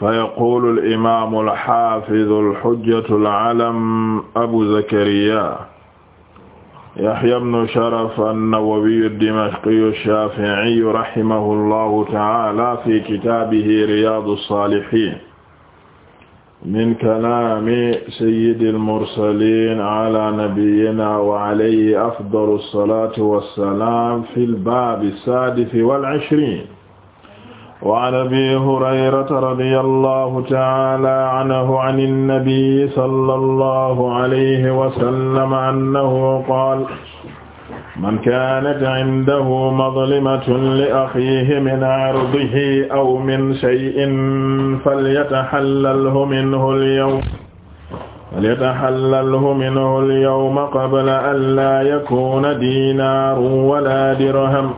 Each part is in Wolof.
فيقول الإمام الحافظ الحجة العلم أبو زكريا يحيى بن شرف النووي الدمشقي الشافعي رحمه الله تعالى في كتابه رياض الصالحين من كلام سيد المرسلين على نبينا وعليه أفضل الصلاة والسلام في الباب السادس والعشرين wa an abi hurayrata radiyallahu ta'ala anhu an an-nabi sallallahu alayhi wa sallam annahu qaala man kaanat 'indahu mazlimatun li akhiihi min 'irdihi aw min shay'in falyatahallalhu minhu al-yawm falyatahallalhu minhu al-yawma qabla an laa yakuuna diinaarun wa laa dirham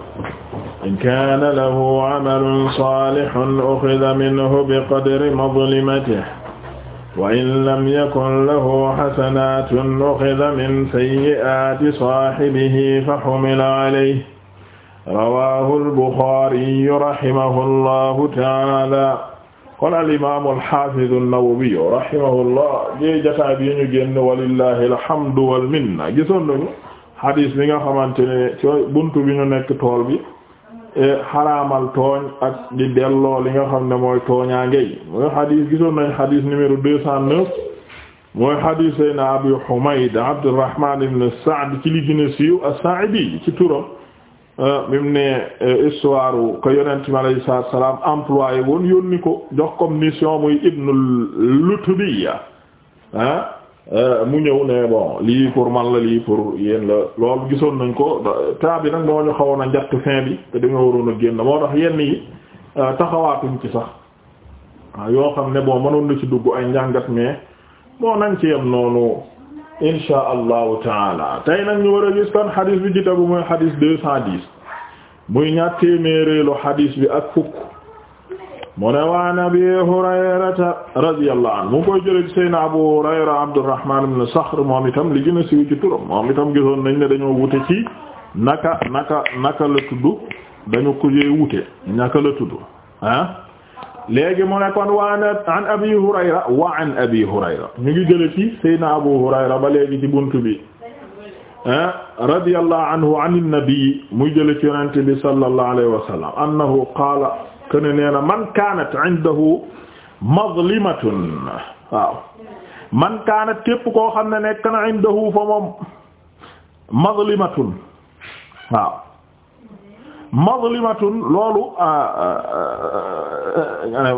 in kaana lahu amalun saalihun uxida minhu biqadri mazlimatihi wa in lam yakun lahu xasanatun uxida min sayyi'aati saaxibihi fa xumila alayhi rawaahu al-Buxaariyu rahimahu allahu taala kon al-imaamu al-xaafidu an-Nawawiyu rahimahu llah jey jataa bi ñu génn walillahi alhamdu wal minna gisoon nañu xadiis bi nga xamante ne ci buntu bi ñu nekk tool bi xaraamal tooñ ak di delloo li nga xam ne mooy tooñaange yi mooy xadiis gisoon nañ xadiis numéro mooy xadiis sayna Abu Humayd Abdurrahman ibn Sa'd ci li a siiw as-Sa'idi ci turam mimu euh, ne euh, histoire ko yonent mi alayhi salaam employé woon yónni ko jox comme muy Ibnul Lutbiya ah Euh, mu ñëw ne bon lii pour man la lii pour yéen la loolu gisoon nañ ko taa bi nag moo ñu xawoon a njatt fin bi te dañoo waroon a génn moo tax yenn yi euh, taxawaatuñ ci sax yoo xam ne boo mënoon na ci dugg ay njàngat mais moo nañ ci yem noonu insha allahu taala tey nag ñu war a gis kon xadiis bi ci tegu mooy xadiis deux cent dix muy ñaar téeméereelu xadiis bi ak fukk mu ne waan abi hurayrata radiyallahu anhu mu ngi koy jëlee seyna abu hurayra abdurrahman ibn saxr moom li gën ci turam moom itam gisoon nañ ne dañoo wute ci naka naka naka la tudd dañu ko jee wute naka la tudd ah léegi mu ne kon waan abi hurayra wa abi hurayra ñu ngi jëlee ci seyna abu hurayra ba léegi ci buntu bi ah radiyallahu anhu an nabi muy jëlee ci yonente bi sallallahu alayhi wa sallam annahu qaala kene nee na man kaanat indahu mazlimatun waaw man kaanat képp koo xam ne nekk na indahu fa moom mazlimatun waaw mazlimatun loolu ah, ah, ah,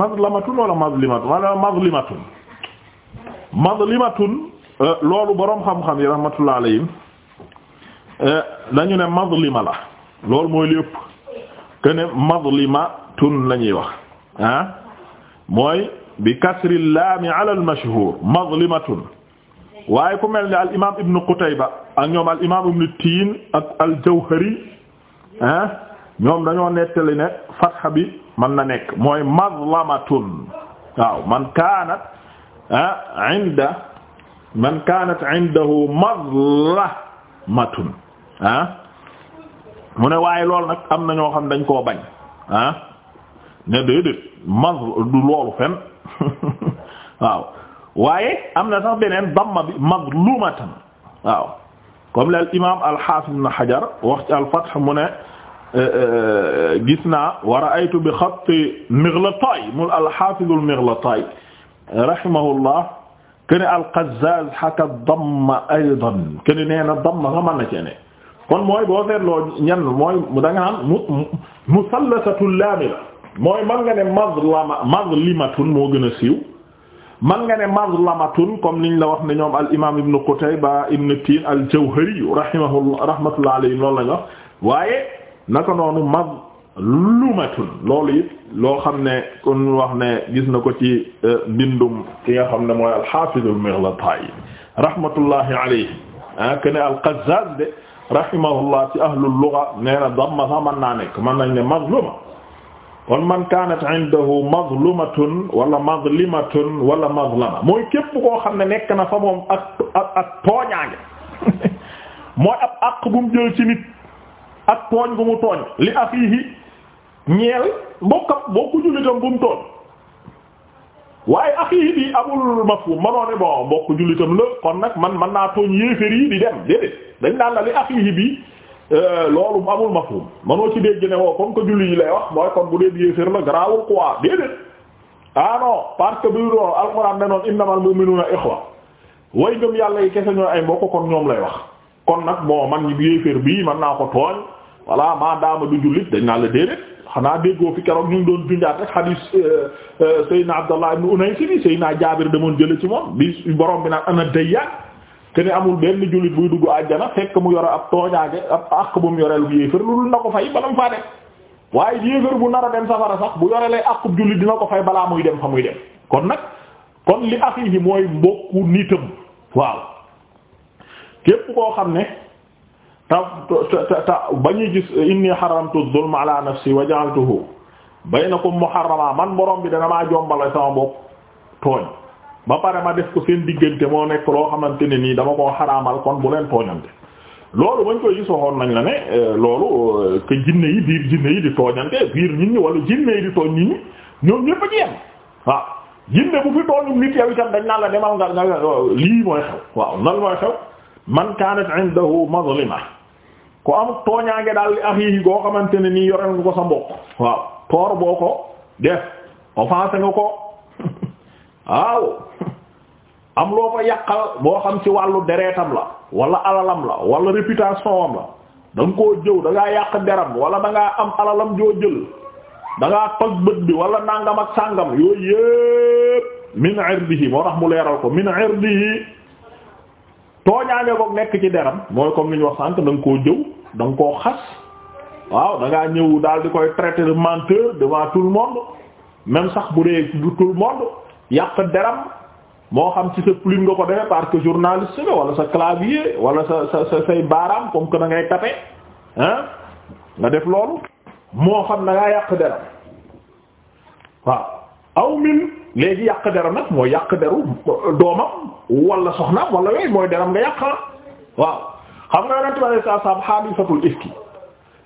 mazlamatun wala mazlimatun wala mazlimatun mazlimatun euh, loolu boroom xam-xam yi rahmatullah alayhim euh, dañu ne mazlima la loolu mooy lépp kene mazlimatun la ñuy wax ah mooy bi kasri laami ala almashhur mazlimatun waaye ku mel ni al imam ibnu Qutayba ak ñoom al imam ibnu Tiin ak al Jawhari ah ñoom dañoo nettali ne fatha bi mën na nekk mooy mazlamatun waaw man kaanat ah inda man kaanat indahu mazlamatun ah mu ne waaye loolu nag am na ñoo xam dañ koo bañ ah ne déedéet mas du loolu fen waaw waaye am na sax beneen damma bi mazlumatan waaw comme le al imam al-Hafiz ibn Hajar wax ci al-Fath mu ne eh, eh, gis naa wa ra'aytu bi xatti Mighlataay mul al-Hafiz al-Mighlataay rahimahullah kene al-Qazzaz haka damma aydan kene nee na damma nga mën na cee ne kon mooy boo seetloo ñan mooy da nga naan mu musallasatul laamila mooy man nga ne mazlama mazlimatun moo gën a siiw man nga ne mazlamatun comme liñ la wax ne ñoom al imaam ibnu Qutayba ibnu Tiin al Jawhari rahimahu rahmatullah alayhi loolu lañ wax waaye naka noonu mazlumatun loolu it loo xam ne kon wax ne gis na ko ci e, mbindum ki nga xam ne mooy al Haafiz al-Mughlataay rahmatullahi alayhi ah que ne al Qazzaz de. rahimahullah ci ahlul lugha nee na damma sax mën naa nekk mën nañ ne mazluma kon man kaanat indahu mazlumatun wala mazlimatun wala mazlama mooy képp koo xam ne nekk na fa moom ak ak ak tooñaange mooy ab àq bu mu jël ci nit ak tooñ bu mu tooñ li afiihi ñeel mbokkam bokku jullitam bu mu tooñ waaye afiihi bi amul mafhum manoone bon mbokku jullitam la kon nag man naa tooñ yéeféer yi di dem déedéet dañ naan la li axiihi bi euh, loolu amul mafhum manoo ci dégg ne woo oh, comme que julli yi lay wax mooy kon bu dee yéeféer la garaawul quoi déedéet ah non parce que bi doon alxuraan ne noon innamal mu'minuuna ixwa way ngëm yàlla yi kese ñooy ay mbokk kon ñoom lay wax kon nag moo man ñi yéeféer bii man naa ko tooñ voilà maa daama du jullit dañ naan la déedéet xanaa déggoo fi keroog ñu doon junjaat rek xadiis euh, euh, Seydina Abdallah ibn Unaysi bi Seydina Jaabir demoon jële ci moom bi borom bi naan ana dayyaan kene amul benn jullit buy dugg àjjana fekk mu yore ab tooñaage ab àq bu mu yoreel yéefër lu na ko fay bala mu waaye yéefër bu nar a dem safara sax bu yore lay àqub jullit dina ko fay balaa muy dem fa muy dem kon nag kon li axihi mooy mbokku nitam waaw képp koo xam ne ta ta ta ba ñuy gis inni haramtu zulma ala nafsi wa ko mu muharrama man borom bi dana maa jombale sama bopp tooñ ba pare ma def ko seen diggante moo nekk loo xamante ne nii dama koo xaraamal kon bu leen tooñante loolu bañ koy gis nañ la ne euh, loolu euh, que jinne yi biir jinne yi di tooñante biir nit ñi jinne yi di tooñ nit ñoom ñëpp a ci waaw jinne bu fi tooñum nit yow dañ naan la demal nga nga lii mooy xew waaw nan mooy xew man kanat indahu mazlima ku am tooñaange daal li axiihi goo xamante ne nii yoreel nga ko sa mbokk waaw toor boo ko def offensé nga ko waaw am loo ko yàqal boo xam ci wàllu dereetam la wala alalam la wala réputation am la da nga jëw da ngaa yàq deram wala da am alalam joo jël danga ngaa bët bi wala nangam ak sàngam yooyu yépp min irdihi moo tax mu leeral ko min irdihi tooñaange boog nekk ci deram mooy comme li ñu wax sànk da nga koo jëw da ko koo xas waaw danga ngaa ñëw daal di koy traiter de menteur devant tout monde même sax bu dee du tout monde yàq deram moo xam ci sa plume nga ko defee parce que journaliste nga wala sa clavier wala sa sa say baaraam comme que da ngay taper ah nga def loolu moo xam na ngaa yàq deram waaw aw min léegi yàq deram nag mooy yàq deru doomam wala soxnaam wala yooyu mooy deram nga yàq waaw xam nga yonent bi sallallahu alayhi wasallam haadisatul ifki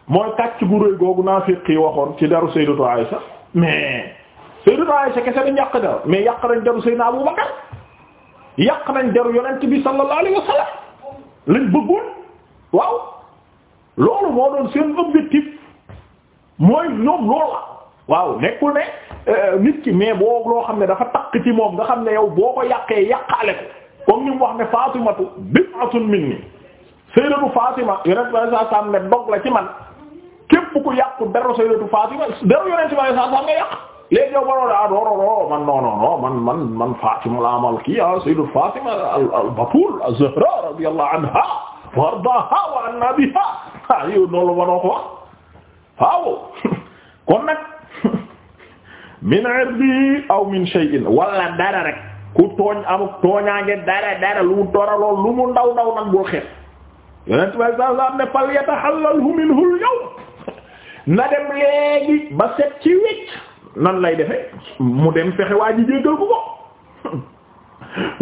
mooy kàcc gu rëy googu naafiq yi waxoon ci deru sayyidatu Aisha mais Sayyidatu Aisha kese dañ yàq der mais yàq nañ deru Sayyidina Abu Bakar yàq nañ deru yonent bi sallallahu alayhi wa sallam lañ bëggoon waaw loolu moo doon seen objectif mooy ñoom loolu la waaw nekkul ne euh, nit ki mais boo loo xam ne dafa takk ci moom nga xam ne yow boo ko yàqee yàqaale ko comme ni mu wax ne Fatimatu bid'atun minni Sayyidatu Fatima yonent bi sallallahu alayhi wa sallam ne dog la ci man képp ku yàqu deru Sayyidatu Fatima deru yonent bi yàq léegi yow waroo daa doororoo man man man man Fatima la amal kii ah al Batul az-Zahra radiyallahu anha wa ardaha wa anna biha ah yow noonu la waroo ko wax waaw min irdi aw min shay'in wala dara rek ku tooñ amul tooñaange dara dara lu mu dooraloon lu mu ndaw ndaw xet yonent bi sallallahu alayhi wa sallam ne fal yatahallalhu minhu al-yawm na dem ba set ci nan lay defe mu dem fexe waa ji jéggal ko ko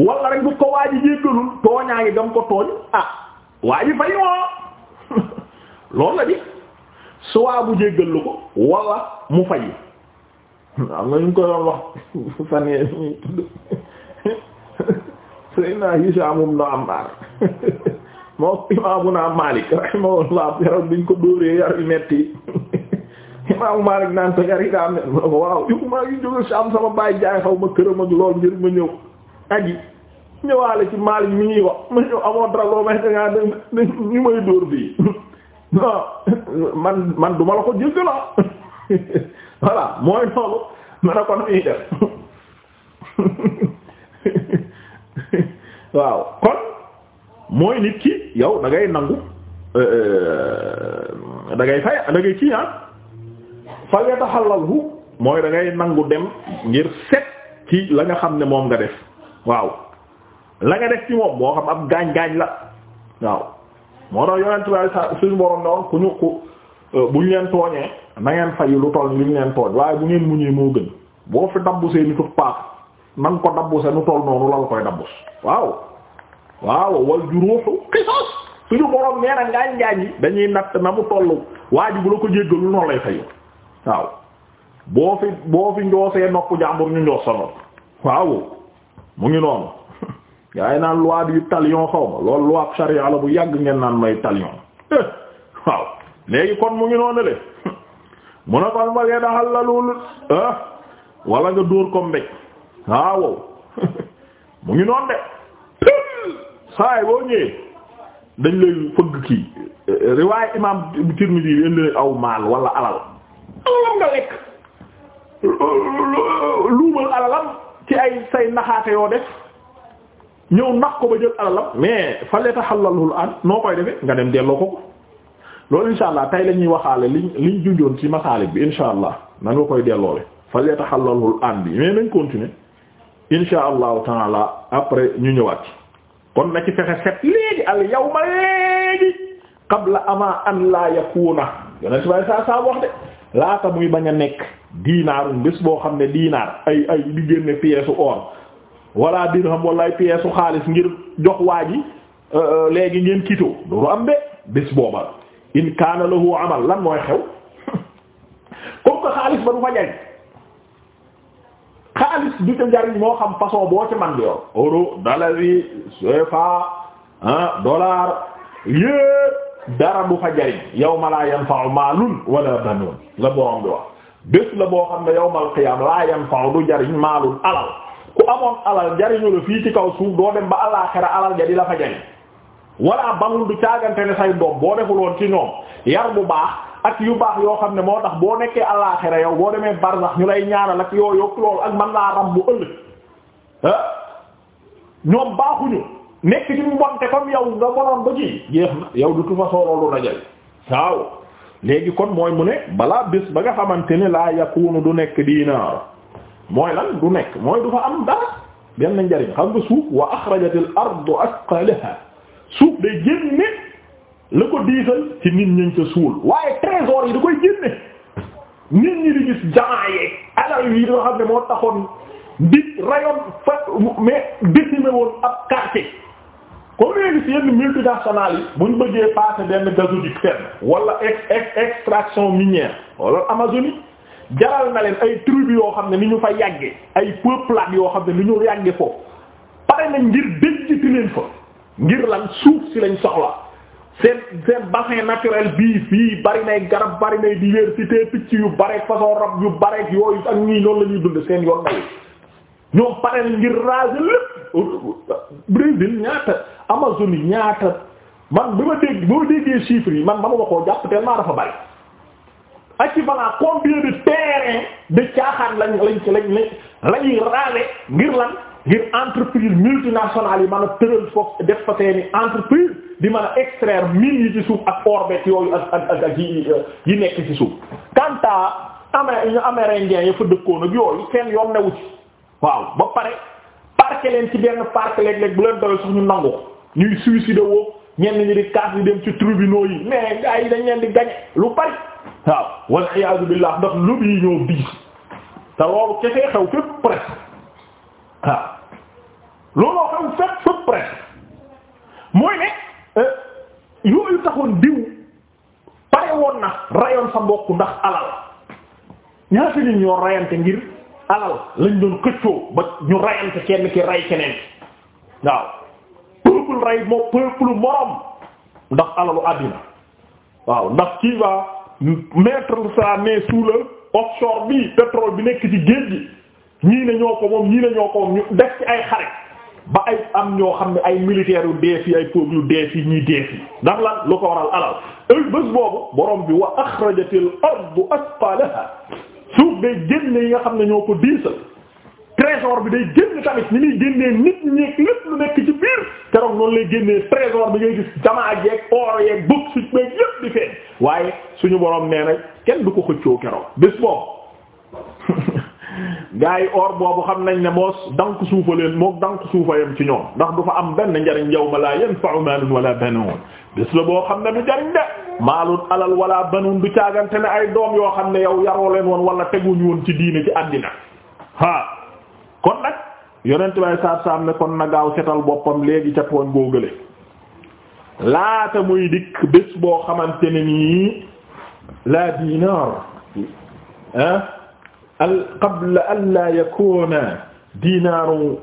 wala rek bu ko waa ji jéggalul tooñaa ngi dam ko tooñ ah waa ji fay woo loolu la di soit bu jéggallu ko wala mu fay am nga ñu ko doon wax fan yee ñuy tudd sëy naa hisaamum na am baar moo imaamu naa Maalik rahimahullah yaram biñ ko dóoree yar yu metti imaamu Maalik naan ko yar yi daa waaw yow maa ngi jóge Saam sama baay jaay xaw ma këram lool ngir ma ñëw aji ñëwaale ci Maalik mi ñuy wax ma ñëw amoo dara loo may dangaa ñu may dóor bii non man man duma la ko jëgg la ah. voilà mooy noonu man a ko na waaw kon mooy nit ki yow da nangu euh, euh, da ngay fay da ngay fa yataxallalhu mooy dangay ngay nangu dem ngir set ci la nga xam ne moom nga def waaw la nga def ci moom moo xam ab gaañ-gaañ la waaw moo tax yonent waaye sa suñu borom ne woon ku ñu ku euh, buñ leen tooñee na ngeen fayu lu toll li ñu leen tooñ waaye bu ngeen mu muñee moo gën boo fi dabbusee ni tut paak na ko dabbuse nu toll noonu lal koy dabbus waaw waaw wal juruuxu qisaas suñu borom nee na ngaañ-ngaañ yi dañuy natt na mu toll waa bu la ko jéggalu noonu lay waaw boo fi boo fi njoosee nopp jàmbur ñu njoos sa nopp waaw mu ngi noonu gaa naan loi du talion xaw ma loolu loi charia la bu yàgg ngeen naan may talion eh, waaw léegi kon mu ngi noonu le mu ne kon ma ngee daxal la loolu eh, wala nga dóor ko mbéj waaw mu ngi noonu de saay boo ñëwee dañ lay fëgg kii eh, riwaay imam Tirmidhi indi aw maal wala alal alalam nga lekk luumal alalam ci ay say naxaate yoo def ñëw nax ko ba jël alalam mais fa leta xalalul an noo koy defee nga dem delloo ko loolu insha allah tey la ñuy waxaale liñ liñ junjoon si masaalik bi insha allah na nga koy delloole fa leta xalalul an bi mais nañ continuer insha allahu taala après ñu ñëwaat kon na ci fexe set léegi al yawma léegi qabla ama an la yakuna yonent bay saa saa wax de laata muy bañ a nekk diinaarun bés boo xam ne diinaar ay ay di génne pièce or wala dirham wala ay pièce xaalis ngir jox waa ji euh, euh, léegi ngeen kitoo loolu am de bés booba la in kaana lahu amal lan mooy xew comme que xaalis ba du fa jariñ xaalis du jariñ moo xam façon boo ci man di yor euro dollar dollar yépp dara bu fa jariñ yawma laa yanfa'u maalun wala banuun la borom bi wax bés la boo xam ne yawmal qiyaam laa yanfa'u du jariñ maalun alal ku amoon alal jariñu la fii ci kaw suuf doo dem ba alaaxira alal ja di la fa jariñ wala banul du caagante ne say doom boo defuloon ci ñoom yar bu baax ak yu baax yoo xam ne moo tax boo nekkee alaaxira yow boo demee barzax ñu lay ñaanal ak yoo yokk loolu ak man laa ram bu ëllëg ah ñoom baaxuñu nekk ci mbonte comme yow nga bonoon ba ci jeex na yow de toute façon loolu dajal waaw léegi kon mooy mu ne balaa bés ba nga xamante ne laa yakunu du nekk diinaar mooy lan du nekk mooy du am dara njariñ xam nga suuf wa axrajatil ardu asqalaha suuf day génne la ko diisal ci nit ñi ca suul waaye koy génne nit xam ne moo taxoon di rayon fa mais décimé woon ab comme léegi si yenn multinationales yi bu ñu bëggee passé benn gazoduc fenn wala ex ex extraction minière wala Amazonie jaral na leen ay tribus yoo xam ne ni ñu fa yàggee ay peuplades yoo xam ne ni ñu yàggee foofu pare na ngir déjjiti leen fa ngir lan suuf si lañ soxla seen seen bassin naturel bii fii bari nay garab bari nay diversité picc yu bareeg façon rab yu bareeg yooyu ak ñii noonu la ñuy dund seen yoon ñoom pare ngir raser lépp Brésil ñaata Amazonie ñaata man bi ma dégg boo déggee chiffres yi man manuma koo jàpp tellement dafa bari ak ci balaa combien de terrain de caaxaan lañ lañ lañ lañuy raser ngir lan ngir entreprise multinationale yi mën a tëral foofu def fa seeni entreprise di mën a extraire mines yi ci suuf ak orbet yooyu ak ak ak yi nekk ci suuf kanta à amé amérindien ya fa dëkkoon ak yooyu seen yoon newu ci waaw ba pare parqué leen ci benn parc léeg-léeg bu leen doyoo sax ñu nangu ko ñuy suicide woo ñenn ñi di kaas yi dem ci tribunaux yi mais gars yi dañ leen di gañe lu bari waaw wal iyaazu billaah ndax lu yi ñoo bii te loolu kese xew fépp presque waaw looloo xew fépp fépp mooy ne euh, yooyu taxoon diw pare woon na rayoon sa mbokk ndax alal ñaata nit ñoo rayante ngir. alal lañ doon xëccoo ba ñu rayante kenn ki ray keneen waaw peuple ray moo peuple morom ndax alalu àddina waaw ndax kii va mettre sa main sous le offshore bi pétrole bi nekk ci géej gi ñii ne ko moom ñii ne ñoo ko moom ñu def ci ay xare ba ay am ñoo xam ne ay militaires yu deef yi ay pauvres yu deef yi ñuy deef yi ndax lan lu ko waral alal ay bés boobu borom bi wa axrajatil ardu asqalaha suuf day génne yi nga xam ne ñoo ko diisal trésor bi day génn tamit ni muy génnee nit ñeeg lépp lu nekk ci biir keroog noonu lay génnee trésor bi ngay gis jamaa jeeg or yeeg bëgg suuf beeg yépp di feeñ waaye suñu borom nee na kenn du ko xëccoo keroog bés boobu gaa or boobu xam nañ ne moos dank suufa leen mook dank suufa ci ñoom ndax du fa am benn njariñ yow ma laa yanfa'u maalun wala banuun bés la boo xam ne du jariñ de maalun alal wala banun du caagante ne ay doom yoo xam ne yow yaroo leen woon wala teguñu woon ci diine ci àddina ha kon nag yonent bay saar saam ne kon na gaaw setal boppam léegi ca tooñ góogale laata muy dikk bés boo xamante ne nii la dinar ah al qabla an la yakuna dinaarun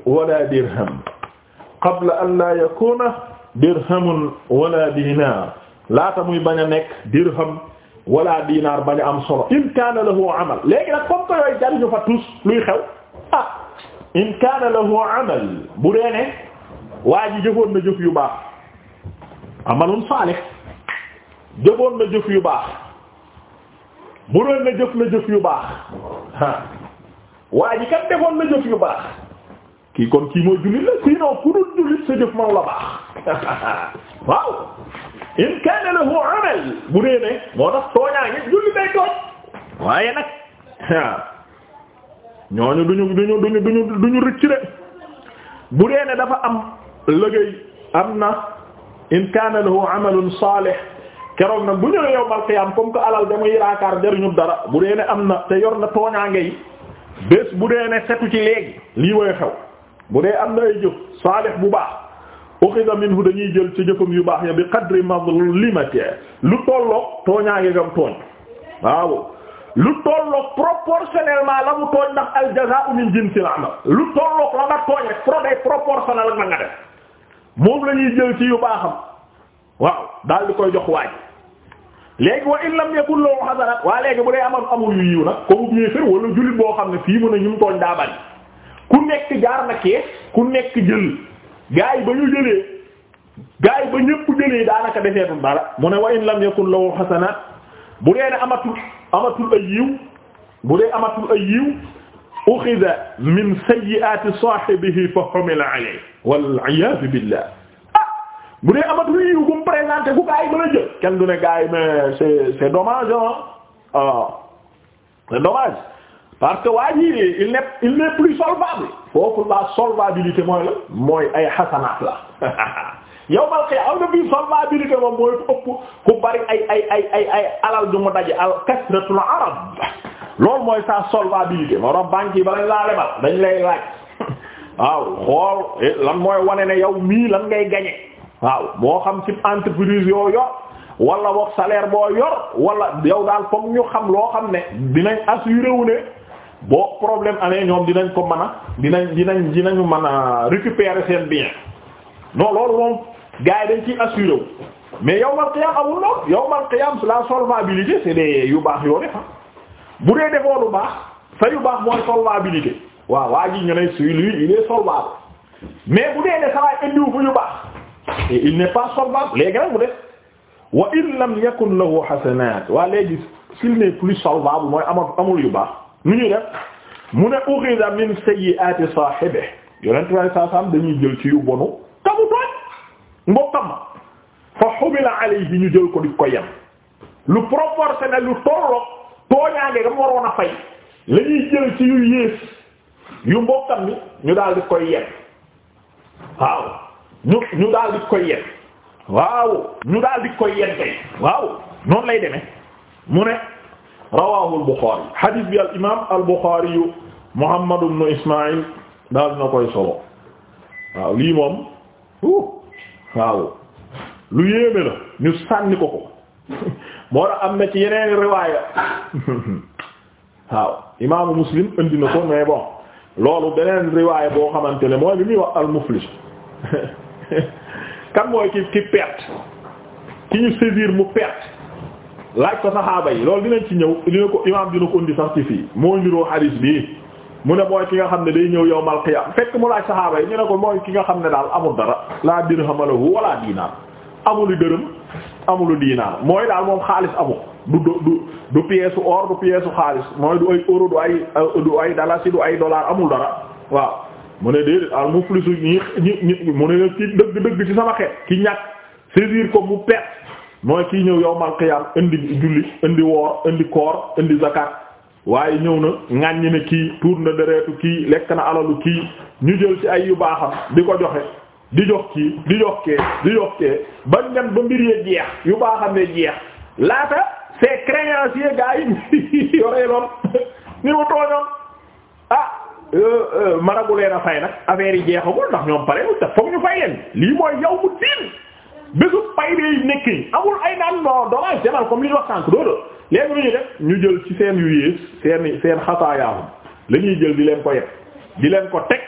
wala laata muy bañ nekk dirham wala diinaar bañ am solo in kaana lahu amal léegi nag comme que yooyu jariñu fa tus luy xew ah, in kaana lahu amal bu dee ne waa ji jëfoon na jëf yu baax amalun saalih jëfoon na jëf yu baax bu doon na jëf na yu baax ah waa ji kat defoon na jëf yu baax kii kon kii mooy jullit la sinon ku dul jullit sa jëf man la baax waaw in kaana lahu amal bu dee ne moo tax tooñaa ngi nag ñooñu duñu duñu duñu duñu duñu bu dee ne dafa am liggéey am na in kaana lahu amalun salih keroog nag bu ñëwee yowmal qiyaam comme que alal da muy yaakaar jariñu dara bu dee ne am na te yor na tooñaange yi bés bu dee ne setu ci léegi lii way xew bu dee am na ay jëf salih bu baax ukhidha minhu dañuy jël ci jëfam yu baax ya bi qadri mazlimati lu tolloog tooñaa ngegam tooñ waaw lu tolloog proportionnellement la mu tooñ ndax al jazaa'u min jinsil amal lu tolloog la nga tooñ rek pro day proportionnel ak nga def moom la jël ci yu baaxam waaw daal di koy jox waaj léegi wa in lam yakul lahu hasanat waa léegi bu dee amoon amul yu yiw nag comme yéefér wala jullit boo xam ne fii mën a ñu mu tooñ daa bari ku nekk jaar na kees ku gaa ba ñu jëlee gaa yi ba ñëpp jëlee daanaka defeetul dara mu ne wa in lam yakun lahu xasanaat bu dee ne amatul amatul ay yiw bu dee amatul ay yiw uxida min sayyi'aati saahibihi fa humila alayhi wal iyaadu billah ah bu dee amatul yiw bu mu présenté ku gaa yi mën a jël parce que waa ji il n'est il n'est plus solvable foofu la solvabilité mooy la mooy ay xasanaat la yow mal xëy am na bii solvabilité moom mooy ëpp ku bari ay ay ay ay ay alal ju mu daje al kasratul arab loolu mooy sa solvabilité moo tax banque yi ba lañ laa lebal dañ lay laaj waaw xool eh, lan mooy wane ne yow mii lan ngay gañe waaw moo xam ci entreprise yoo yor wala wax salaire boo yor wala yow daal comme ñu xam loo xam ne dinañ assuré wu ne. boo problème amee ñoom dinañ ko mën a dinañ dinañ dinañu mën a récupérer seen bien non loolu moom gars yi dañ ciy assuré wu mais yawmal qiyaam amul lool yawmal qiyaam la solvabilité c'est des yu baax yoo defa ah. bu dee defoo lu baax sa yu baax mooy solvabilité waaw waa ji ñu ne si lui il est solvable mais bu dee ne sa waay indiwu fu yu baax et il n'est pas solvable léegi nag mu def wa in lam yakun lahu hasanat waa léegi s'il n'est plus solvable mooy amul amul yu baax nu mu ne ukhidha min sayyi'ati saahibihi yonent bi sallallahu dañuy jël ci yu bonu kamu tooñ mbokkam fa hubila alayhi ñu jël ko di ko yem lu proportionnel lu tolloog tooñaange gam waroon a fay la jël ci yu yées yu mbokkam ni ñu daal di koy yem waaw ñu ñu daal di koy yem waaw ñu daal di koy yem waaw noonu lay demee mu ne rawaahu al-Bukhari hadith bi al imaam al-Bukhari yu Muhammad ibn Ismaïl daal na koy solo waaw lii moom waaw lu yéeme la ñu sànni ko ko moo tax am na ci yeneen riwaaya waaw imaamu Muslim indi na ko mais bon loolu beneen riwaaya boo xamante ne mooy li muy wax al-muflis kan mooy ki ki perte ki ñu saisir mu perte. laaj ko saxaaba yi loolu dinañ ci ñëw dina ko imaam dina ko indi sax ci fii bi mu ne mooy ki nga xam ne day ñëw yawmal qiyaam fekk mu ñu ne ko mooy ki nga xam ne daal amul dara laa dirhama lahu wala diinaar amul dërëm amulu diinaar mooy daal moom xaalis amul du du du pièce or du pièce xaalis mooy du ay euro du ay euh, du ay dalasi du ay dollar amul dara waaw mu ne déedéet al muflisu ñi ñi mu ne ki dëgg dëgg ci sama xeet ki ñàkk saisir ko mu perte mooy kii ñëw yow qiyaam indi julli indi woor indi koor indi zakat waaye ñëw na ŋàññi ne kii tuur na dereetu kii lekk na alalu kii ñu jël ci ay yu baaxam di ko joxe di jox kii di jox kee di jox kee ba ñan ba mbir yee jeex yu baaxam ne jeex laata c'est créancier gaa yi yoree lool ñu mu tooñoon ah euh, euh, maragu leen a fay nag affaire yi jeexagul ndax ñoom pare te ñu fay leen lii mooy yow mu diin bésu pay day nekkee amul ay naan no dommage demal comme li ñu wax sànk doola léegi lu ñu def ñu jël ci seen yu yées seen seen xataayaam la ñuy jël di leen ko yet di leen ko teg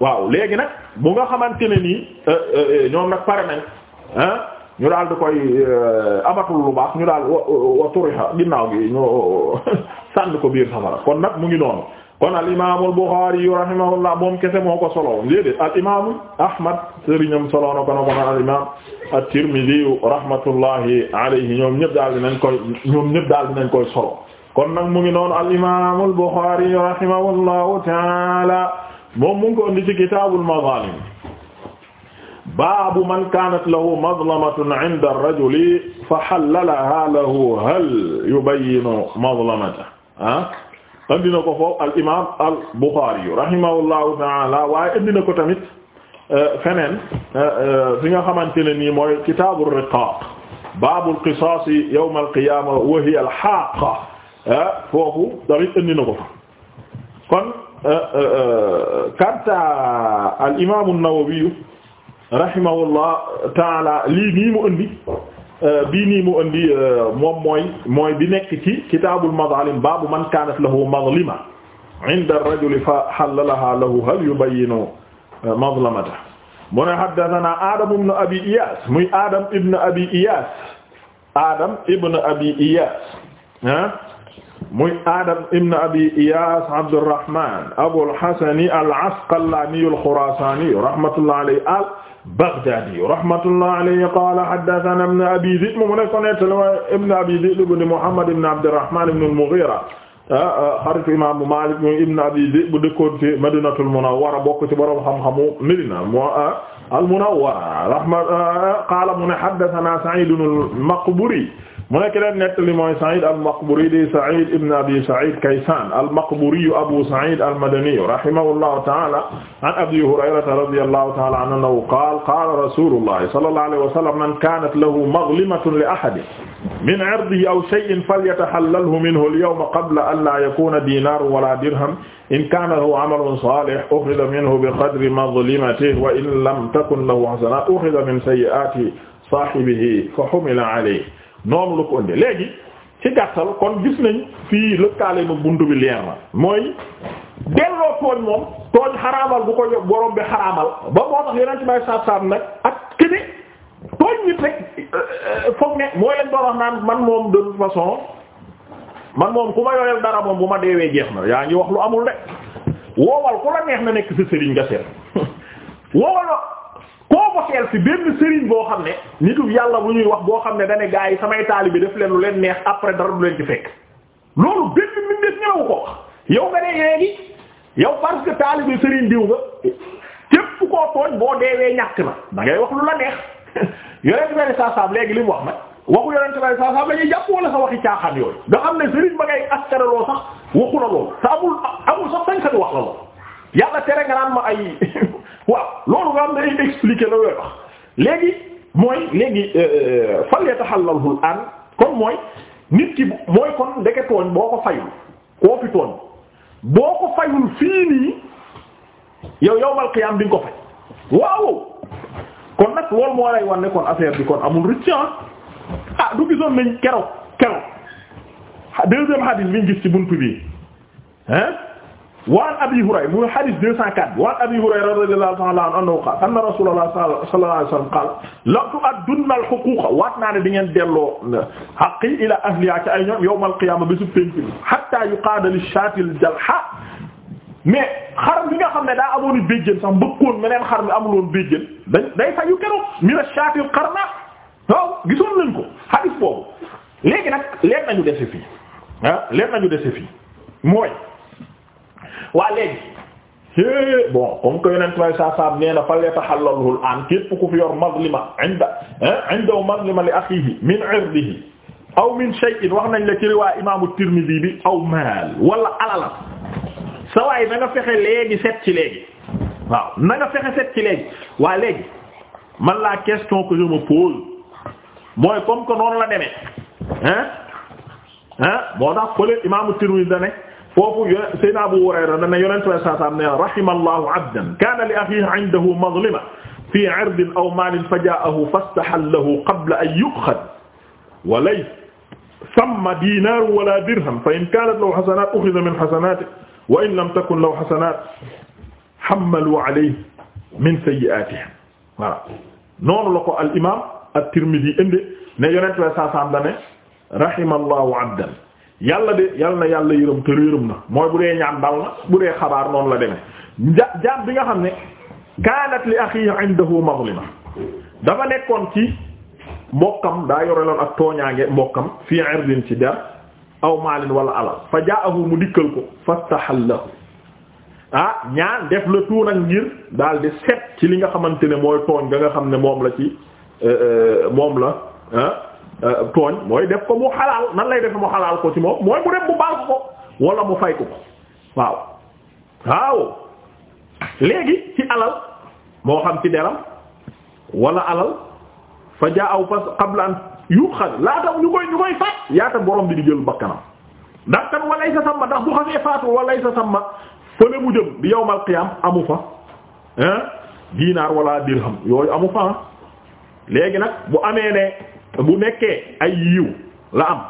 waaw léegi nag bu nga xamante ne nii euh, euh, euh, ñoom nag pare nañ ah ñu daal di koy amatul lu baax ñu daal wa turiha ginnaaw gi ñu sànni ko biir safara kon nag mu ngi noonu kon al imaamul Buxaari rahimahullah moom kese moo ko solo déedéet al imaamu Ahmad sëriñam solo na ko na ko al imaam at-Tirmidhi rahmatullahi alayhi ñoom ñëpp daal dinañ koy ñoom ñëpp daal dinañ koy solo kon nag mu ngi noonu al imaamul Buxaari rahimahullahu taala moom mu ngi ko indi ci kitaabul mazaalim baabu man kaanat lahu mazlamatun inda ar-rajuli fa hallalahaa lahu hal yubayyinu mazlamatahu ah? andi na ko foofu al imaam al Buxaari rahimahullahu taala waaye andi na ko tamit euh, feneen euh, euh, fi nga xamante ne nii mooy kitaabur riqaaq baabul qisaas yawmal qiyaama wa hiya al haaqa foofu tamit andi na ko fa kon kanta al imaam an-Nawawi rahimahullahu taala lii nii mu andi. Euh, bii nii mu indi euh, moom mooy mooy bi nekk ci kitaabul madaalim baabu man kaanat lahu mazlima inda ar-rajuli fa halalaha lahu hal yubayyinu euh, mazlamatahu mu ne haddathana Adam ibn Abi Iyas muy Adam ibn Abi Iyas Adam ibn Abi Iyas ah muy Adam ibn Abi Iyas Abdurrahman Abul Hasani al-Asqalani al-Khurasani rahmatullahi alayhi al-Baghdadi rahmatullahi alayhi qala haddathana ibn Abi Dhi'b mu ne ko nettali ibn Abi Dhi'b ibn Muhammad ibn Abdurrahman ibn al-Mughira ah, ah, xaritu imaamu Maalik muy ibn Abi Dhi'b bu dëkkoon ci Madinatul Munawwara bokk ci borom xam-xamu Medina moo ah, al-Munawwara rahma qala mu ne haddathana Sa'id al-Maqburi mu nekk leen nettali mooy Saïd al-Maqburi di Saïd ibn Abi Saïd Kaysan al-Maqburi Abu Saïd al-Madani rahimahullahu ta'ala an Abi Hurayrata radiyallahu ta'ala anhu qaala qaala rasulullah sallallahu alayhi wa sallam man kanat lahu maghlimatun li ahadin min 'irdihi aw shay'in falyatahallalhu minhu al-yawma qabla an la yakuna dinarun wala dirham in kana lahu 'amalun salih ukhidha minhu bi qadri madlimatihi wa in lam takun lahu hasanatun ukhidha min sayyi'ati sahibihi fa humila alayhi noonu la ko ëndee léegi ci gàttal kon gis nañ fii lëkkaale nu bunt bi leer na mooy delloo tooñ moom tooñ xaraamal bu ko boroom bi xaraamal ba moo tax nag ak këni tooñ nit euh, naan man moom de toute façon man moom ku ma yoreel dara moom bu ma deewee jeex na yaa ngi wax lu amul de woowal ku la neex na nekk ci sëriñ nga seet woowal koo ko si fi benn sëriñ boo xam ne nitu yàlla bu ñuy wax boo xam ne dane gaa yi samay taalibe def leen lu leen neex après dara du leen ci fekk loolu benn min ñëw ko wax yow nga ne yeegi yow parce que taalibe sëriñ diw nga képp koo tooñ boo deewee ñàkk na dangay ngay wax lu la neex yonent bari saasaam léegi li mu wax nag waxu yonent bari saasaam la ñuy jàpp wala sa waxi caaxaan yooyu nga xam ne sëriñ ba ngay askaraloo sax waxu la loolu te amul amul sax wax la waaw loolu nga am na ay expliquer la wax léegi mooy léegi euh, euh, fal yatahallalhu al an kon mooy nit ki mooy kon ndeke tooñ boo ko fayul koo fi tooñ boo ko fayul fii nii yow yowmal qiyaam bi nga ko fay waaw kon nag loolu moo lay wan kon affaire bi kon amul rëcc ah. ah du gisoon nañ keroog keroog deuxième hadith bi ñu gis ci buntu bi hein wa an Abi Hurayra muy hadith 204 wa an Abi Hurayra radiyallahu ta'ala anhu qaala anna Rasulullah sallallahu alayhi wa sallam waat naa ne di ngeen delloo haqqi ila ahliha ci ay ñoom yawmal qiyaama bisu penc bi hatta yuqaada lish-shaati al-jalha mais xar mi nga xam ne daa amoon béjjén sax mbëkkoon meneen xar mi amuloon béjjén dañ day fayu keroog mina shaati al-qarna waaw gisoon nañ ko hadith boobu léegi nag leen nañu dese fii ah leen mooy waa léegi é bon comme que yonent may saa saam nee na fal yatahallalul an képp ku fi yor mazlima inda inda mazlima li wax nañ la ci riwaa imaamu aw maal wala alala sa waay na nga fexe léegi set ci léegi waaw nga fexe set ci léegi waa léegi man la question que je pose mooy comme que noonu la demee hein hein moo tax fële imaamu Tirmidhi da ne foofu yonent Seydina Abu Hurayra dana yonent sallallahu alayhi wa sallam ne rahimallahu abdan kaana li akhihi indahu mazlima fii irdin aw maalin fajaahu fastahallahu qabla an yu'khad wa laysa samma diinaar wala dirham fa in kaanat lahu hasanaat ukhidha min hasanaatihi wa in lam takun lahu hasanaat hammalu alayhi min sayyi'aatihim voilà noonu la ko al imaam at-Tirmidhi indi ne yonent sallallahu alayhi wa sallam dana rahimallahu abdan yàlla de yàlla na yàlla yërëm te réeram na mooy bu dee ñaan dal na bu dee xabaar noonu la demee ja jaam bi nga xam ne kaanat li akhihi indahu mazlima dafa nekkoon ci mbokkam daa yore loon ak tooñaange mbokkam fii irdin ci der aw maalin wala alal fa jaahu mu dikkal ko fastahallahu ah ñaan def la tuur ak ngir daal di set ci li nga xamante ne mooy tooñ ga nga xam ne moom la ci euh, euh, moom la Euh, tooñ mooy def ko mu xalaal nan lay def mu xalaal ko ci moom mooy mu def mu baal ko wala mu fay ko ko waaw waaw léegi ci alal moo xam ci deram wala alal fa jaa aw fas qabla an yuxad laata ñu koy ñu koy faat yaata borom bi di jël bakkanam ndax kan walay sa sàmma ndax bu xasee faatu walay sa sàmma fële mu jëm di yawmal qiyaam amu fa hein dinaar wala dirham yooyu amu fa léegi nag bu amee ne bu nekkee ay yiw la am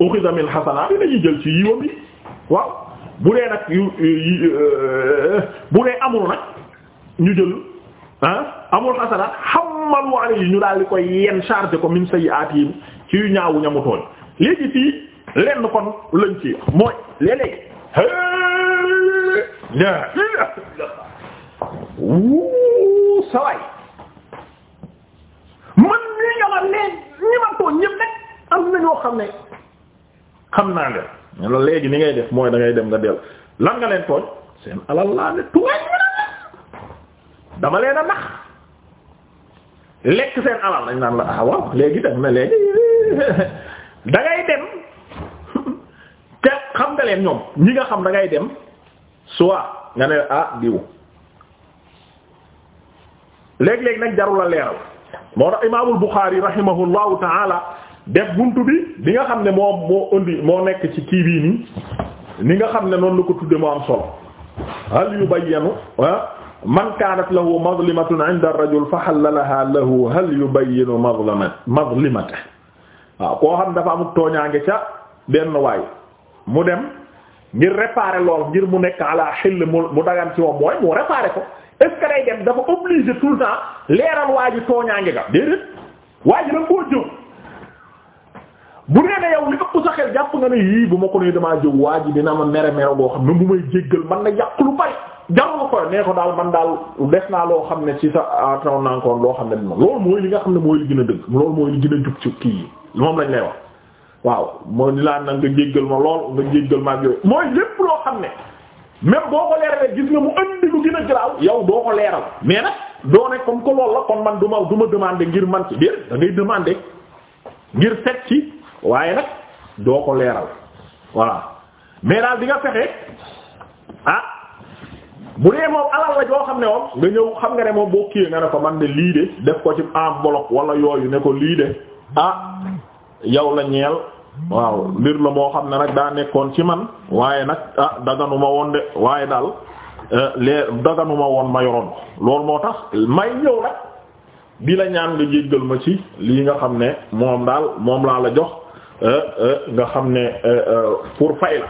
uxiza min xasanaat yi dañuy jël ci yiwam yi waaw bu dee nag yu bu dee amul nag ñu jël ah amul xasanaat xammalu alayhi ñu daal di koy yenn chargé ko min sayyi'atihim ci yu ñaawu ñamu tooñ léegi fii lenn kon lañ ci mooy léeg-léeg wuu sawaay ñi nga ma ne ñi ma tooñ ñëpp nag am na ñoo xam ne xam naa leen la léegi ni ngay def mooy dangay dem nga del lan nga leen tooñ seen alal laa ne tuwaay dama leen a nax lekk seen alal dañ naan la ah léegi da ngay dem te ñoom ñi nga xam da dem soit nga ah, diw léeg-léeg nag jarul a leeral moo tax imaamul Buxaari rahimahullahu taala def buntu bi bi nga xam ne moom moo indi moo nekk ci kii bii nii ni nga xam ne noonu la ko tudde moo am solo hal yubayyanu ah, man kaanat lahu mazlimatun 'inda ar-rajul fa hallalaha lahu hal yubayyinu mazlimat mazlimata waaw koo xam dafa amut tooñaange ca benn waay mu dem ngir réparer lool ngir mu nekk ala xill mu dagan ci moom ko est ce dem dafa obligé tout le temps leeral waa ji tooñaange ga déedéet waa ji da koo jëw bu nee ne yow li ëpp sa xel jàpp nga ne yii bu ma ko nee damaa jëw waa ji dina ma mere mere boo xam ne bu may jéggal man na yàq lu bari jarul nga koy nee ko daal man daal des naa loo xam ne ci sa ataw naa ko loo xam ne dina loolu mooy li nga xam ne mooy li gën a dëgg loolu mooy li gën a jub ci kii yi moom lañ lay wax waaw mooy ni laa nag nga jéggal ma lool nga jéggal ma ak même boo ko leeralee gis nga mu andi lu gën a garaaw yow doo ko leeral mais nag doo ne comme que loolu la kon man du ma du ma ngir man ci biir da ngay ngir fekk ci waaye nag doo ko leeral voilà mais daal di nga fexe ah bu dee moom alal la joo xam ne moom nga ñëw xam nga ne moom boo kiiyee nga ne ko man de lii de def ko ci enveloppe wala yooyu ne ko lii de ah yow la ñeel. waaw mbir ma moo xam ne nag daa nekkoon ci man waaye nag ah daganuma woon de waaye daal eh, lee daganuma woon ma yoroon loolu moo tax may ñëw nag di la ñaan nga jéggal ma ci lii nga xam ne moom daal moom laa la jox eh, eh, nga xam ne pour fay la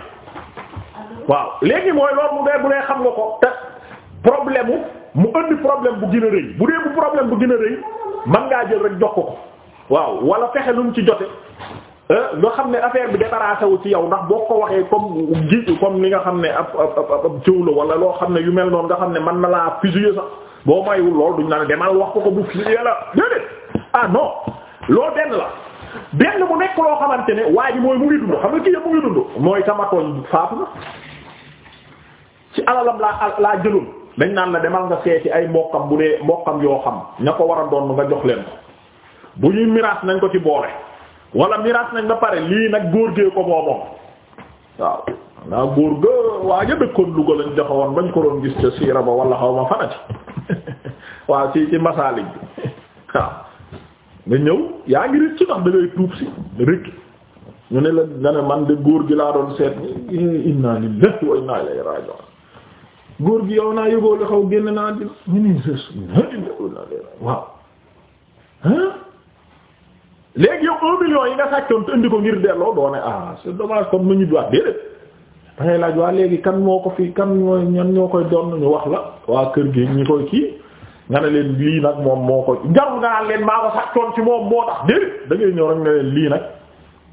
waaw léegi mooy loolu mu dee bu dee xam nga ko te problème mu indi problème bu gën a rëy bu dee bu problème bu gën a rëy man ngaa jël rek jox ko ko waaw wala fexe lu ci jote nga xam ne affaire bi débarrassé wu ci yow ndax boo ko waxee comme ji comme li nga xam ne ab ab ab jiw la wala loo xam ne yu mel noonu nga xam ne man na laa fusiller sax boo mayul lool duñ naan demal wax ko ko bu fusiller la déedéet ah la benn nekk loo xamante ne waa ji mooy mu ngi mooy tamatooñ faatu na ci alalam laa laa jëloon dañ naan la demal nga seeti ay mbokkam bu dee mbokkam yoo xam ña ko war a doon nga jox leen ko bu ñuy miraas nañ ko ci boole. wala miraas nañ ba pare lii nag góor gee ko moomoom waaw naa góor ga waaja dëkkoon Louga lañ joxe woon bañ ko doon gis ca siira ba wala xaw ma fanati waaw ci ci masaalik bi waaw nga ñëw yaa ngi ne la nga ne man de góor gi laa doon seet ni inna lillahi wa inna ilayhi raji'un góor gi yow naa yëgoo li xaw génn naa dina ñu ne sës léegi yow un million yi nga sàccoon te indi ko ngir delloo doone ne ah c'est dommage comme nu ñu diwaat déedéet da laaj waa léegi kan moo ko fi kan mooy ñan ñoo koy doon ñu wax la waa kër gi ñu koy kii nga ne leen lii nag moom moo ko jarul nga naan leen maa ko sàccoon ñëw rek lii nag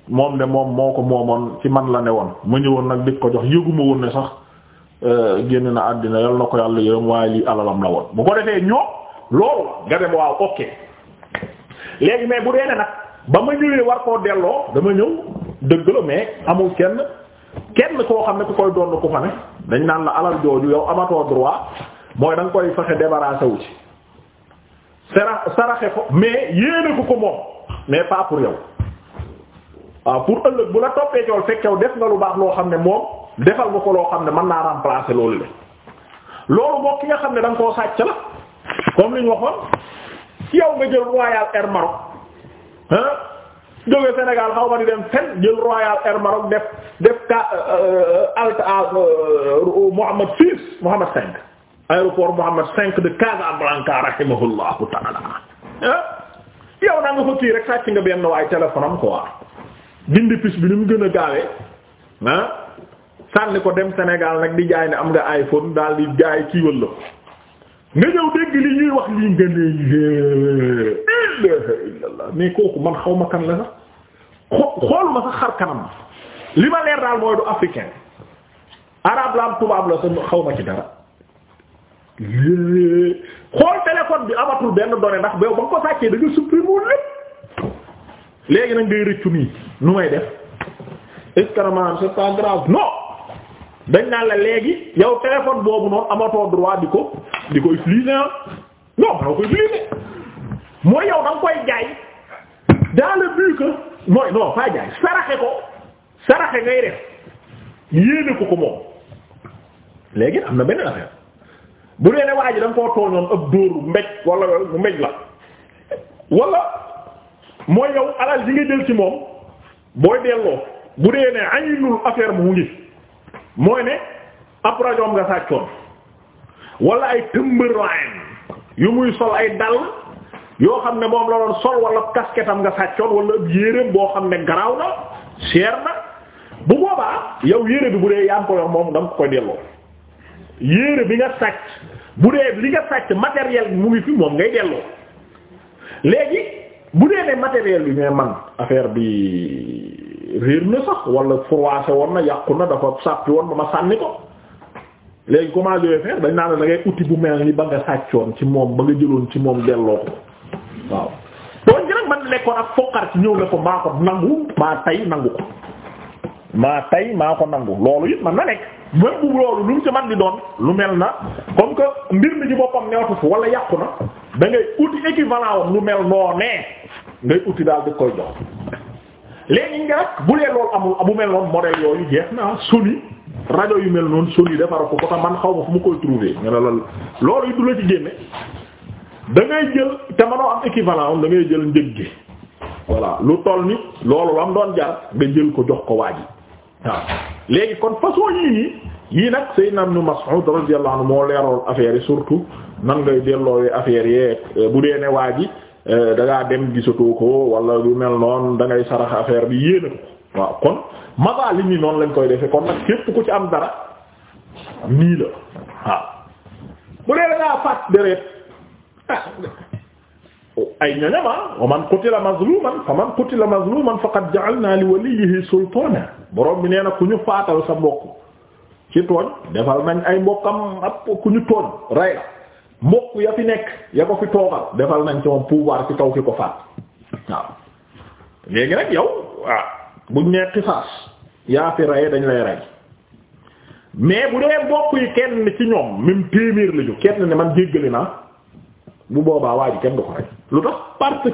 moom de moom moo ko moomoon ci man la ne woon ma ñëwoon nag di ko jox yëguma woon ne sax euh, génn na àddina yal na ko yàlla yërëm waaye lii alalam la woon bu ko defee ñoo loolu nga dem waaw ok léegi mais bu dee nag ba ma ñëwee war koo delloo dama ñëw dëgg la mais amul kenn kenn koo xam ne ku koy doon ku fa ne dañ naan la alal jooju yow amatoo droit mooy da nga koy fexe débarrassé wu ci. sara saraxe ko mais yéene ko ko moom mais pas pour yow waaw pour ëllëg bu la toppee jool fekk yow def nga lu baax loo xam ne moom defal nga ko loo xam ne man naa remplacer loolu la loolu moo ki nga xam ne da koo sàcc la comme li ñu waxoon yow nga jël Royal Air jóge Sénégal xaw ma di dem fenn jël Royal Air def def ka euh, euh, Alta euh, Mohamed six Mohamed cinq aéroport Mohamed cinq de Casablanca rahimahullahu ta'ala yow naa nga kii rek sàcc nga benn waay téléphone am quoi dindi pis bi ni mu gën a gaawee sànni ko dem Sénégal nag di jaay ne am nga iPhone daal di jaay kii walla nga ñëw dégg li ñuy wax lii nga ne ilaha illallah mais kooku man xaw ma kan la sax xool ma sax xar kanam li ma leer daal mooy du africain arabe la am tubaab la sax xaw ma ci dara xool téléphone bi amatul benn donnée ndax boobu ba nga ko sàccee da nga wu lépp léegi nag ngay rëccu nii nu may def est-ce que c'est pas dañ naan la léegi yow téléphone boobu noonu amatoo waa di ko di koy utiliser ah non danga koy utiliser mooy yow da koy jaay dans le but que mooy non pas jaay saraxe ko saraxe ngay def yéene ko ko moom léegi am na benn affaire bu dee ne waa ji da nga koo tooñoon ab dóor mbéj wala bu mbéj la wala mooy yow alal ji nga jël ci moom booy delloo bu dee ne añulul affaire mu ngi. mooy ne ab rajoom nga sàccoon wala ay tëmbërlaen yu muy sol ay dal yoo xam ne moom la doon sol wala casquette nga sàccoon wala ab yéreem boo xam ne garaaw na cher na bu boobaa yow yére bi bu dee yaa moom da nga ko koy delloo yére bi nga sàcc bu dee li nga sàcc matériel bi mu ngi fi moom ngay delloo léegi bu dee ne matériel bi mais man affaire bi réer na sax wala froissé woon na yàqu na dafa sàppi woon ba ma sànni ko léegi comment je vais faire bu mel ni ba nga sàccoon ci moom ba nga jëloon ci moom delloo ko waaw tooñ gi nag man lekkoon ak foqar ci ñëw ne ko maa ko nangu maa tay nangu ko maa tay maa ko nangu loolu it man na nekk même bu loolu lu mu ci man di doon lu mel na comme que mbir mi ci boppam newatu fi wala yàqu na da ngay outil équivalent woon lu mel noo ngay outil daal di koy jox léegi nga nag bu lee loolu amul bu mel noonu yooyu jeex na Sony rajo yu mel noonu Sony defar ko ko man xaw ma fu mu koy trouver nga ne loolu loolu du la ci génne da jël te manoo am équivalent da ngay jël njëg gi voilà lu toll ni loolu la mu doon jar nga jël ko jox ko waa ji waaw léegi kon façon yii nii yii nag Seydina Ibn Mas'ud radiyallahu anhu moo leeroon affaire yi surtout nan ngay delloowee affaire yeeg bu dee ne waa ji Euh, da ngaa dem gisatoo ko wala lu mel noonu da ngay sarax affaire bi yéene ko waaw kon mazaalim yi noonu lañ koy defee kon nag képp ku ci am dara nii la waaw bu dee da faat deret ah, ay ñoñama wa man qutila mazluman fa man qutila mazluman faqad ja'alna li waliyihi sultana borom bi nee na ku ñu faatal sa mbokk ci tooñ defal nañ ay mbokkam ab ku ñu tooñ rey mbokk ya fi nekk ya ko fi toogal defal nañ ci moom pouvoir ci kaw ki ko faat waaw léegi nag yow ah buñ nee xisaas yaa fi rey dañ lay rey mais bu dee mbokk yi kenn ci ñoom même téeméer lañu kenn ne man jéggale naa bu boobaa waa ji kenn du ko rey lu tax parce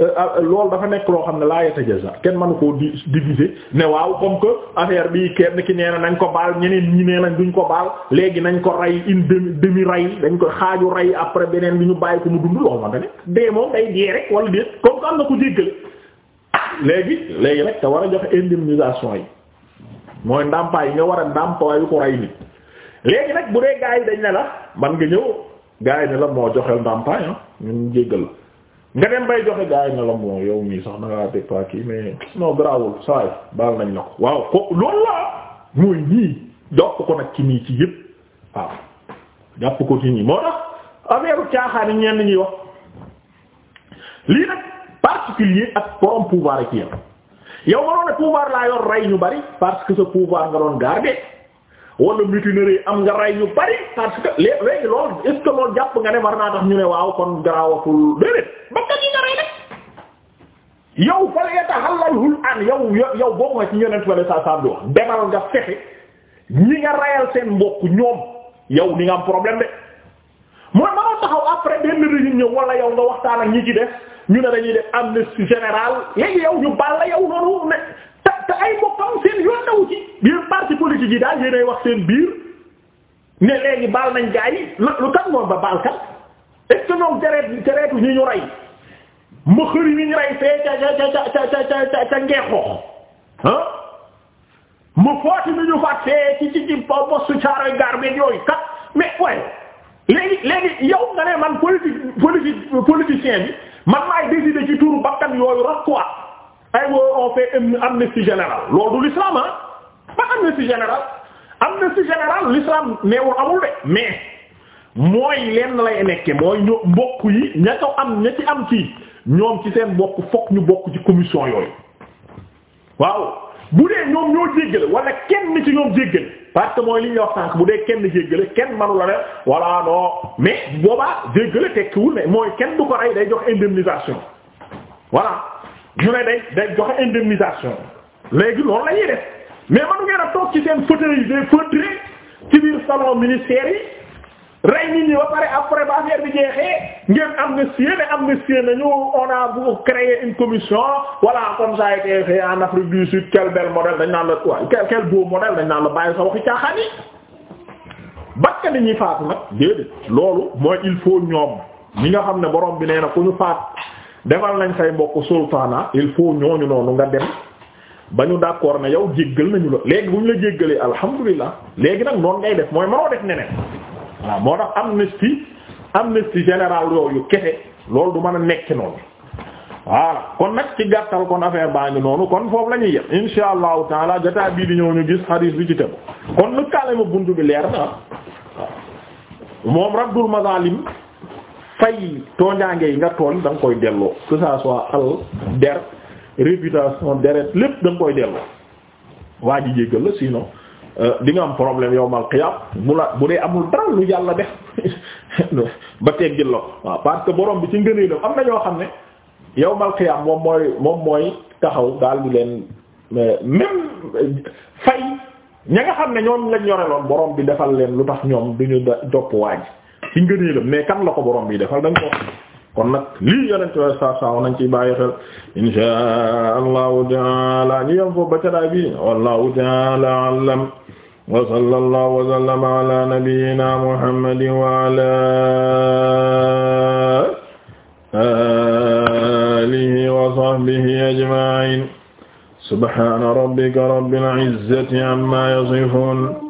Euh, ah, loolu dafa nekk loo xam ne laa yatajaza kenn mënu koo di diviser ne waaw comme que affaire bi kenn ki nee na nañ ko baal ñeneen ñi nee nañ duñ ko baal léegi nañ ko rey une demi demi rey dañ ko xaaju rey après beneen bi ñu bàyyi ko mu dund loolu ma da ne dee moom day dee rek wala déet comme que am na ko jéggale léegi léegi rek te war a joxe indemnisation yi mooy ndàmpaay yi nga war a ndàmpaay ko rey nit léegi nag bu dee gaa dañ ne la man nga ñëw gaa yi ne la moo joxeel ndàmpaay ah ñun nga dem bay joxe gars yi ne la moom yow mii sax na ngaa départ kii mais non garaawul saa yi baal nañ la ko waaw ko loolu la mooy nii jàpp ko nag ki nii ci yëpp waaw jàpp ko ci nii moo tax affaire caaxaan yi ñenn ñi wax lii nag particulier ak borom pouvoir ak yéen yow nga doon ne pouvoir laa yor rey ñu bari parce sa pouvoir nga doon garder. wala mutinerie am nga rey ñu bari parce que léegi loolu est ce jàpp nga ne war naa tax ñu ne waaw kon garaawatul déedéet bakkan yi nga rey rek yow fa la taxallalul an yow yow bokk nga ci ñeneen fële saa saa bi wax demal nga fexe ñi nga reyal seen mbokk ñoom yow ni nga am problème de mooy mënoo taxaw après benn régime ñëw wala yow nga waxtaan ak ñi ci def ñu ne dañuy de amnistie générale léegi yow ñu baal la yow noonu ne te ay bokkam seen yoon nawu ci biir parti politique yi daal yéenay wax seen biir ne léegi baal nañ gaa yi lu kat moom ba baal kat est-ce que ñoom jareet jareetu ñu ñu rey mu xëri ñu ñu rey fee ca ca ca ca ca ngeexoo ah ma ñu ñu faat fee ci ci ci poste caaroy gaar beeg yooyu kat mais waaye léegi léegi yow nga ne man politique politique politicien bi man maay décider ci turu bakkan yooyu rek ay boo on fait amnistie générale loolu du l'islam ah ba amnistie générale amnistie générale l'islam neewul amul de mais mooy lenn lay nekke mooy ñoo mbokk yi ña ko am ña ci am ci ñoom ci seen mbokk fokk ñu bokk ci commission yooyu waaw bu dee ñoom ñoo jéggale wala kenn ci ñoom jéggale parce que mooy li ñuy wax sànq bu dee kenn jéggale kenn manu la ne voilà non mais boobaa jéggale tekkiwul ne mooy kenn du ko rey day jox indemnisation voilà ñu ne day day joxe indemnisation léegi loolu la ñuy mais manu ngeen a toog ci seen fauteuil yi des fauteuils ci biir salon ministère yi rey nit ñi ba pare après ba affaire bi jeexee ngeen amnistie ne amnistie nañu on a voulu créer une commission voilà comme ça a été en Afrique du Sud quel bel modèle dañ naan la waaw quel beau modèle dañ naan la bàyyi sa waxi caaxaan yi bakka ni ñuy faatu nag déedéet loolu mooy il faut ñoom ñi nga xam ne borom bi nee na ku ñu faat defal nañ say mbokk sultaana il faut ñooñu noonu nga dem ba ñu d'accord na yow jéggal nañu la léegi bu ñu la jéggalee alhamdulilah léegi nag noonu ngay def mooy mënoo def neneen waaw moo tax amnistie amnistie générale yooyu kese loolu du mën a nekk noonu voilà kon nag ci gàttal kon affaire baa ngi noonu kon foofu la ñuy yem insha allahu taala jotaay bii di ñëw ñu gis hadith bi ci tegu kon lu kaale ma buntu bi leer na moom Raddul Mazalim fay tooñaange yi nga tool da koy delloo que ça soit al der réputation deret lépp da nga koy delloo waa ji jéggal la sinon euh, di nga am problème yowmal qiyam bu la bu dee amul dara lu yàlla def ba teggil la waaw parce que borom bi ci ngëneelam am na ñoo xam ne yowmal qiyam moom mooy moom mooy taxaw daal di leen euh, même euh, fay ña nga xam ne ñoom lañ yoreloon borom bi defal leen lu tax ñoom duñu jopp waa ji ci ngëneelam mais kan la ko borom bi defal dañ ko kon nag lii yonent way sa sa nañ ci bàyyi xel insha allahu taala ñu yom foofu ba ca daay bi wallahu taala alam wa sallallahu wa sallama ala nabiyyina muhammadin wa ala alihi wa sahbihi ajma'in subhana rabbika rabbil izzati amma yasifun